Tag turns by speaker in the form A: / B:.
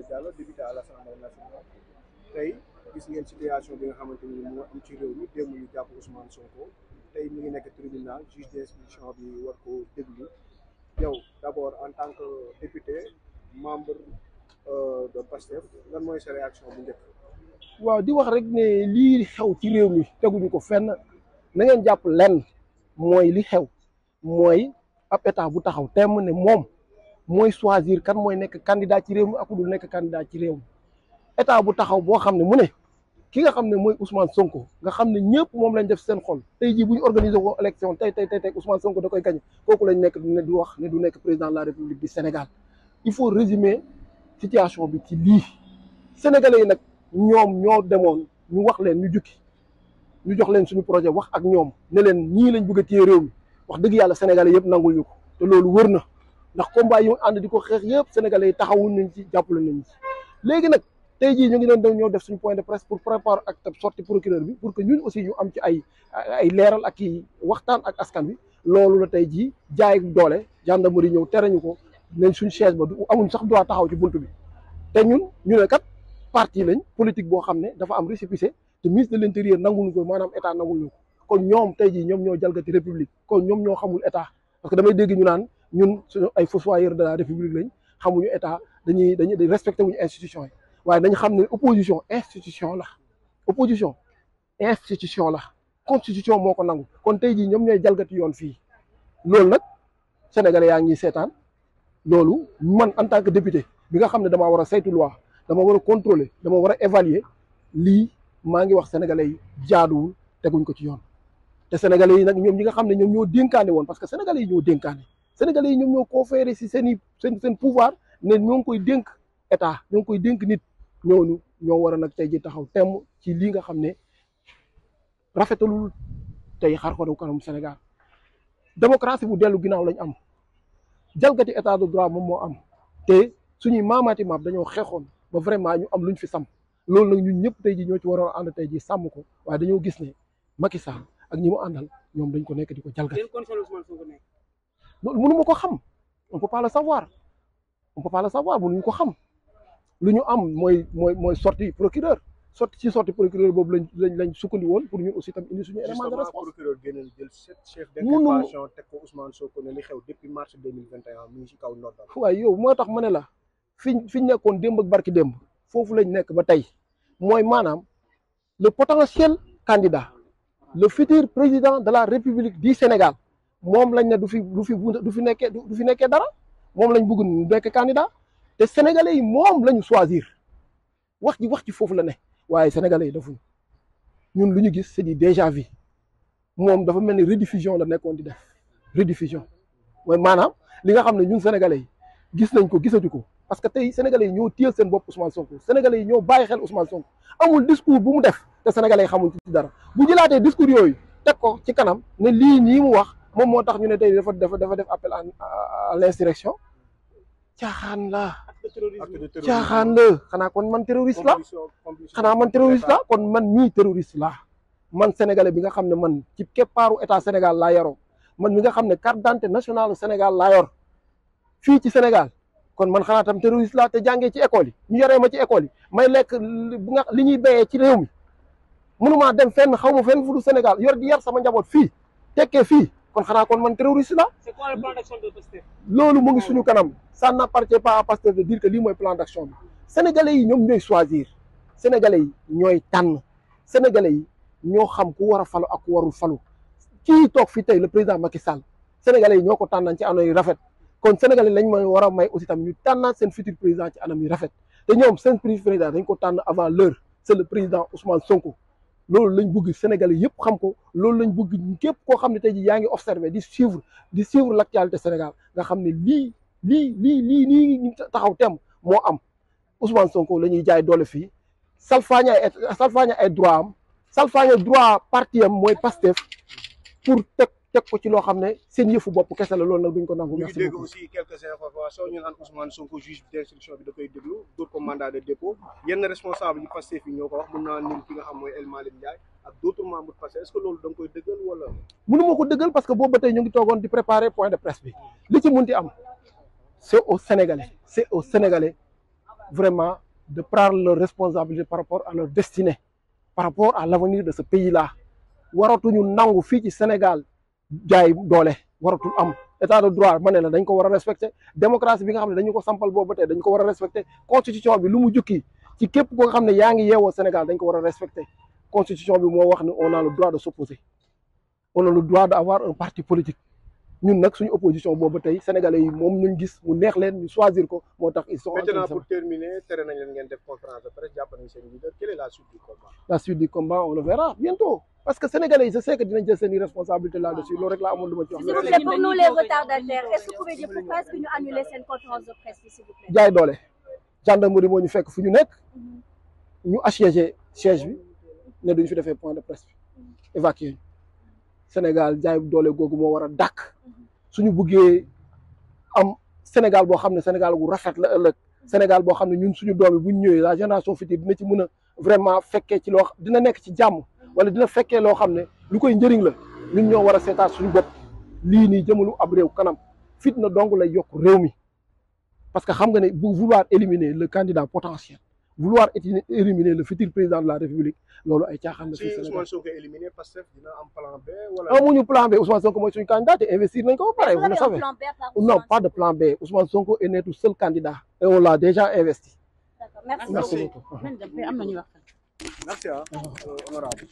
A: Abdoulaye Diallo député à l'Assemblée nationale tey gis ngeen situation bi nga xamante ni moo ci réew mi démb ñu jàpp Ousmane Sonko tey mu ngi nekk tribunal juge d'instruction bi war ko déglu yow d'abord en tant que député membre euh, de PASTEF lan mooy sa réaction bu njëkk.
B: waaw di wax rek ne lii xew ci réew mi teguñu ko fenn na jàpp lenn mooy li xew mooy ab état bu taxaw temm ne moom. mooy choisir kan mooy nekk candidat ci réew mi ak ku dul nekk candidat ci réew mi état bu taxaw boo xam ne mu ne ki nga xam ne mooy Ousmane Sonko nga xam ne ñëpp moom lañ def seen xol tey jii bu ñu organisé ko élection tey tey tey tey Ousmane Sonko da koy gañ kooku lañ nekk ne du wax ne du nekk président de la République du Sénégal il faut résumer situation bi ci lii sénégalais yi nag ñoom ñoo demoon ñu wax leen ñu jukki ñu jox leen suñu projet wax ak ñoom ne leen ñii lañ bëgg a téye réew mi wax dëgg yàlla sénégalais yëpp nangul ko loolu wër na. ndax combat yi ànd di ko xeex yëpp sénégalais yi taxawuñ nañ ci jàppale nañ ci léegi nag tey jii ñu ngi doon ñëw def suñ point de presse pour préparer ak sortie procureur bi pour que ñun aussi ñu am ci ay ay leeral ak i waxtaan ak askan bi loolu la tey jii jaay doole gendarmerie ñëw tere ñu ko nañ suñ chaise ba du amuñ sax droit taxaw ci bunt bi te ñun ñu ne kat parti lañ politique boo xam ne dafa am récépissé te ministre de l'intérieur nangul ko maanaam état ko ñoom tey jii ñoom ñoo jalgati république kon ñoom ñoo xamul état parce que damay dégg ñu naan ñun suñu ay fossoyeurs de la république lañ xamuñu état dañuy dañuy respecté wuñu institution yi waaye dañ xam ne opposition institution la opposition institution la constitution moo ko nangu kon tey jii ñoom ñooy jalgati yoon fii loolu nag sénégalais yaa ngi seetaan loolu man en tan que député bi nga xam ne damaa war a saytu loi dama war a contrôler dama war a évaluer lii maa ngi wax sénégalais yi jaaduwul teguñ ko ci yoon te sénégalais yi nag ñoom ñi nga sénégalais yi ñoom ñoo conféré si seen i seen seen pouvoir ne ñoo ngi koy dënk état ñoo ngi koy dénk nit ñooñu ñoo war a nag tey ji taxaw temm ci lii nga xam ne rafetalul tey xar ko kanam Sénégal démocratie bu dellu ginnaaw lañ am jalgati état de droit moom moo am te suñuy maamaati maam dañoo xeexoon ba vraiment ñu am luñ fi sam loolu nag ñu ñëpp tey ji ñoo ci waroon ànd tey ji sàmm ko waaye dañoo gis ne Macky Sall ak ñi mu àndal ñoom dañ ko nekk di ko jalgati loolu mënu ma ko xam on peut pas le savoir on peut pas le savoir mënuñu ko xam lu ñu am mooy mooy mooy sorti procureur sorti ci sorti procureur boobu lañ lañ lañ sukkandi woon pour ñu aussi tam indi suñu élément de réponse
A: procureur génn jël sept chef d'inculpation teg ko Ousmane Sonko ne li xew mu
B: waaye yow moo tax ma ne la fi fi ñu nekkoon démb ak barki démb foofu lañ nekk ba tey mooy maanaam le potentiel candidat le futur président de la République du Sénégal moom lañ ne du fi du fi du fi nekkee du fi nekkee dara moom lañ bëgg mu nekk candidat te sénégalais yi moom lañu choisir wax ji wax ci foofu la ne waaye sénégalais yi defuñu ñun lu ñu gis c'est du déjà vu moom dafa mel ni rediffusion la nekkoon di def rediffusion mooy maanaam li nga xam ne ñun sénégalais yi gis nañ ko gisatu ko parce que tey sénégalais yi ñoo téyal seen bopp Ousmane Sonko sénégalais yi ñoo bàyyi xel Ousmane Sonko amul discours bu mu def te sénégalais yi xamuñ ci dara bu jëlaatee discours yooyu teg ko ci kanam ne lii ñii mu wax. moom moo tax ñu ne tey dafa dafa dafa def appel à l'insurrection caaxaan la caaxaan la xanaa kon man terroriste la xanaa man terroriste la kon man mii terroriste la man sénégalais bi nga xam ne man ci keppaaru état Sénégal laa yaroo man mi nga xam ne carte d'identité nationale Sénégal laa yor fii ci Sénégal kon man xanaa tam terroriste la te jàngee ci école yi ñu yoree ma ci école yi may lekk bu nga li ñuy béyee ci réew mi mënumaa dem fenn xaw ma fenn fu du Sénégal yor di yar sama njaboot fii tekkee fii kon xanaa kon man terroriste la. c'est quoi le loolu mu ngi suñu kanam ça n'appartient pas à Pastef de dire que lii mooy plan d'action bi sénégalais yi ñoom ñooy choisir sénégalais yi ñooy tànn sénégalais yi ñoo xam ku war a falu ak ku warul falu kii toog fii tey le président Macky Sall sénégalais yi ñoo ko tànnan ci anam yu rafet kon sénégalais lañ may war a may aussi tam ñu tànnaat seen futur président ci anam yu rafet te ñoom seen président dañ ko tànn avant l'heure c'est le président Ousmane Sonko. loolu lañ bëgg Sénégalais yëpp xam ko loolu lañ bëgg képp koo xam ne tey jii yaa ngi observé di suivre di suivre l'actualité Sénégal nga xam ne lii lii lii lii nii taxaw tem moo am Ousmane Sonko la ñuy jaay doole fii salfaañe ay salfaañe ay droit am salfaañe droit parti am mooy Pastef pour teg teg ko ci loo xam ne seen yëfu bopp kese la loolu nag duñ ko nangu. merci beaucoup ñu dégg aussi
A: quelques informations ñu naan Ousmane Sonko juge d'instruction bi da koy déglu dóor ko mandat de dépôt yenn responsable yi Pastef est-ce que loolu da koy dëggal wala.
B: mënu ma ko dëggal parce que boobu ba tey ñu ngi toogoon di préparer point de presse bi li ci munti am c'est aux Sénégalais c'est aux Sénégalais vraiment de prendre leur responsabilité par rapport à leur destinée par rapport à l'avenir de ce pays waratuñu nangu fii ci Sénégal. jaay doole waratul am état de droit ma ne la dañ ko war a respecté démocratie bi nga xam ne dañu ko sampal boobu ba dañ ko war a respecté constitution bi lu mu jukki ci képp koo xam ne yaa ngi yeewoo Sénégal dañ ko war a respecté constitution bi moo wax ne on a le droit de s'opposer on a le droit d'avoir un parti politique ñun nag suñu opposition boobu ba tey sénégalais yi moom ñu gis mu neex leen ñu choisir ko moo tax. ils sont maintenant pour
A: terminer tere nañ leen ngeen def conférence de presse jàpp nañ seen leader quelle
B: la suite du parce que sénégalais yi je sais que dinañ jël seen i responsabilité là dessus loolu rek laa amoon lu ma ci wax. jaay doole gendarmerie moo ñu fekk su ñu nekk mhm. ñu assiégé siège bi ne fi defee point de presse bi mhm. évacué Sénégal jaay doole googu moo war a dàkk mhm. suñu buggee am Sénégal boo xam ne Sénégal gu rafet la ëllëg Sénégal boo xam ne ñun suñu doom yi bu ñu ñëwee la génération future dina ci mën a vraiment fekkee ci loo dina nekk ci jàmm. wala dina fekkee loo xam ne lu koy njëriñ la ñun ñoo war a seetaat suñu bopp lii nii jëmalu ab réew kanam fitna dong la yokk réew mi parce que xam nga ne bu vouloir éliminer le candidat potentiel vouloir éliminer le futur président de la république loolu ay caaxaan la. si Ousmane
A: Sonko éliminé dina am plan B. Ah,
B: amuñu plan B Ousmane Sonko mooy suñu candidat te investir nañ ko ba pare. vous le savez non pas de plan B Ousmane Sonko déjà investi.
A: d'accord merci beaucoup Merci, hein, ah. euh, honorable.